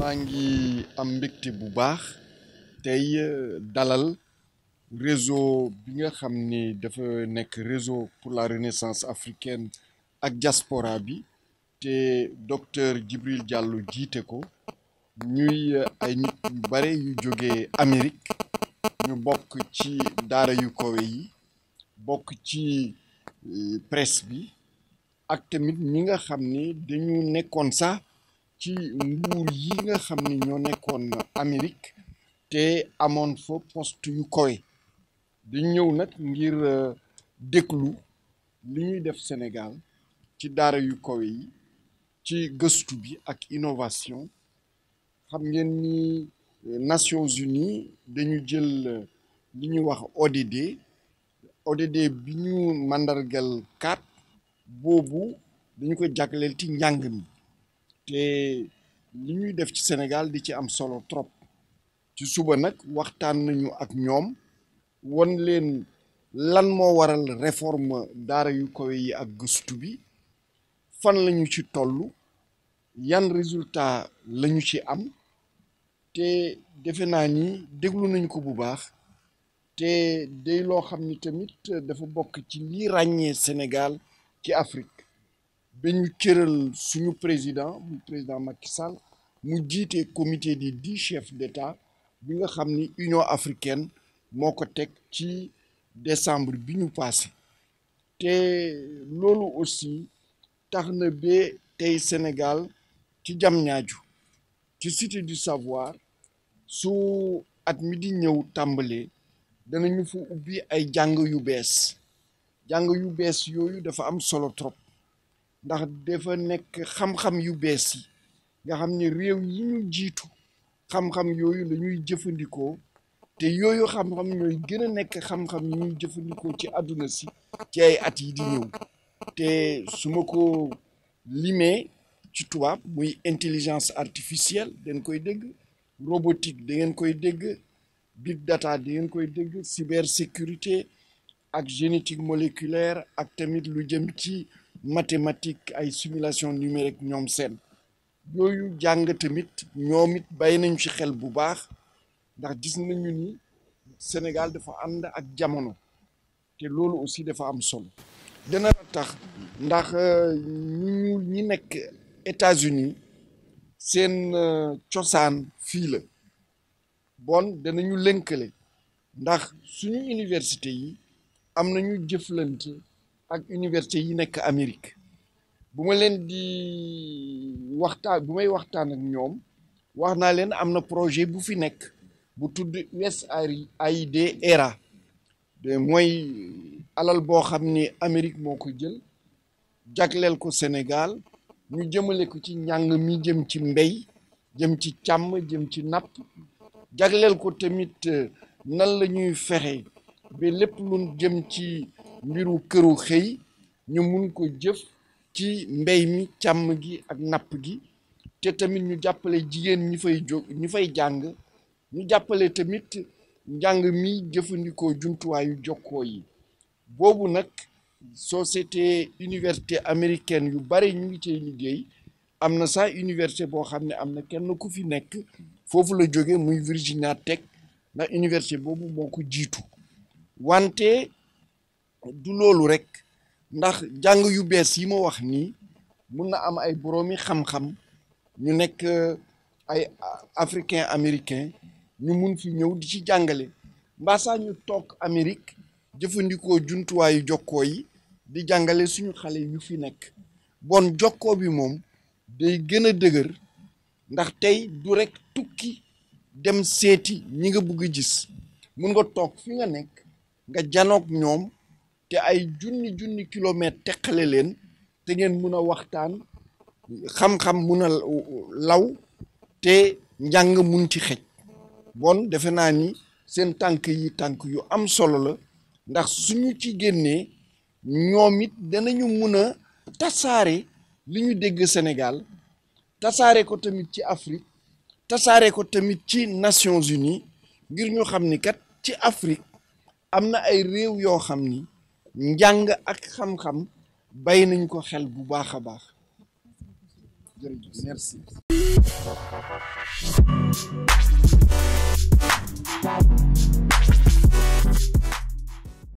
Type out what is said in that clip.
maa ngi am mbégte bu baax tey euh, dalal réseau bi nga xam ni dafa nekk réseau pour la renaissance africaine ak diaspora bi te docteur Djibril Diallo jiite ko ñuy euh, ay bare yu jógee Amérique ñu bokk ci daara yu kawe yi bokk ci euh, presse bi ak tamit ñi nga xam ni dañu nekkoon sax ci nguur yi nga te amonfo poste yu kowe dañ ñëw nag ngir euh, déglu li ñuy def Sénégal ci daara yu kowe ci bi ak innovation xam ngeen ni euh, Nations Unies dañu jël li ñuy wax ODD ODD bi ñu màndargal 4 boobu dañu ko jagleel ci njàng mi te li ñuy def ci Sénégal di ci am solo trop ci suba nag waxtaan nañu ak ñoom won leen lan moo waral réforme daara yu kawe yi ak gëstu bi fan lañu ci tollu yan résultat lañu ci am te defe naa ni déglu nañ ko bu baax te day loo xam ni tamit dafa bokk ci lii ràññee Sénégal ci Afrique ba ñu cëral suñu président mu président Macky Sall mu jiite comité di dix chefs d'État bi nga xam ni Union africaine moo ko teg ci décembre bi ñu passé te loolu aussi tax na ba tey Sénégal ci Diamniadio ci cité du savoir su at mi di ñëw tàmbalee de fa ubbi ay jàng yu bees jàng yu bees yooyu dafa am solo trop ndax dafa nekk xam-xam yu bees yi nga xam ne yi ñu jiitu xam-xam yooyu lañuy jëfandikoo te xam-xam xam-xam ñuy ci ci ay at yi di te intelligence artificielle dañ robotique da big data di ngeen koy cybersécurité ak génétique moléculaire ak tamit lu jëm ci mathématique ay simulation numérique ñoom seen yooyu jàng tamit it nañ ci xel bu baax ndax gis nañu ni Sénégal dafa ànd ak jamono aussi dafa am solo dana tax ndax euh, ñu ñi États-Unis seen euh, cosaan fii bon danañu lënkale ndax suñu université yi am nañu jëflante ak université yi nekk Amérique bu ma leen di waxtaan bu may waxtaan ak ñoom wax naa leen am na projet bu fi nekk bu tudd USAID ERA de mooy alal boo xam ni Amérique moo ko jël jagleel ko Sénégal ñu jëmale ko ci njàng mi jëm ci mbéy jëm ci càmm jëm ci napp jagleel ko tamit euh, nan la ñuy fexe ba lépp lu jëm ci mbiru këru xëy ñu mun ko jëf ci mbéy mi càmm gi ak napp gi te tamit ñu jàppale jigéen ñi fay jóg ñi fay jàng ñu jàppale tamit njàng mi jëfandikoo jumtuwaayu jokkoo yi boobu nag société université américaine yu bare ñu ngi cay liggéey am na sax université boo xam ne am na kenn ku fi nekk foofu la jóge muy Virginia teg ndax université boobu moo ko jiitu wante du loolu rek ndax jàng yu bees yi ma wax nii mun na am ay boroomi xam-xam ñu nekk euh, ay euh, africain américain ñu mun fi ñëw di ci jàngale mbasa sax ñu toog Amérique jëfandikoo jumtuwaayu jokkoo yi di jàngale suñu xale yu fi nekk bon jokkoo bi moom day gën a dëgër ndax tey du rekk tukki dem seeti ñi nga bëgg gis mun nga toog fi nga nekk nga janoog ñoom te ay junni junni kilomètre teqale leen te ngeen mun a waxtaan xam-xam mun a law te njàng mun ci xej bon defe naa ni seen tànk yi tànk yu am solo la ndax suñu ci génnee ñoom it danañu mun a tasaare li ñu dégg senegal tasaare ko tamit ci Afrique tasaare ko tamit ci Nations Unies ngir ñu xam ni kat ci Afrique am na ay réew yoo xam ni njàng ak xam-xam bàyyi nañ ko xel bu baax a baax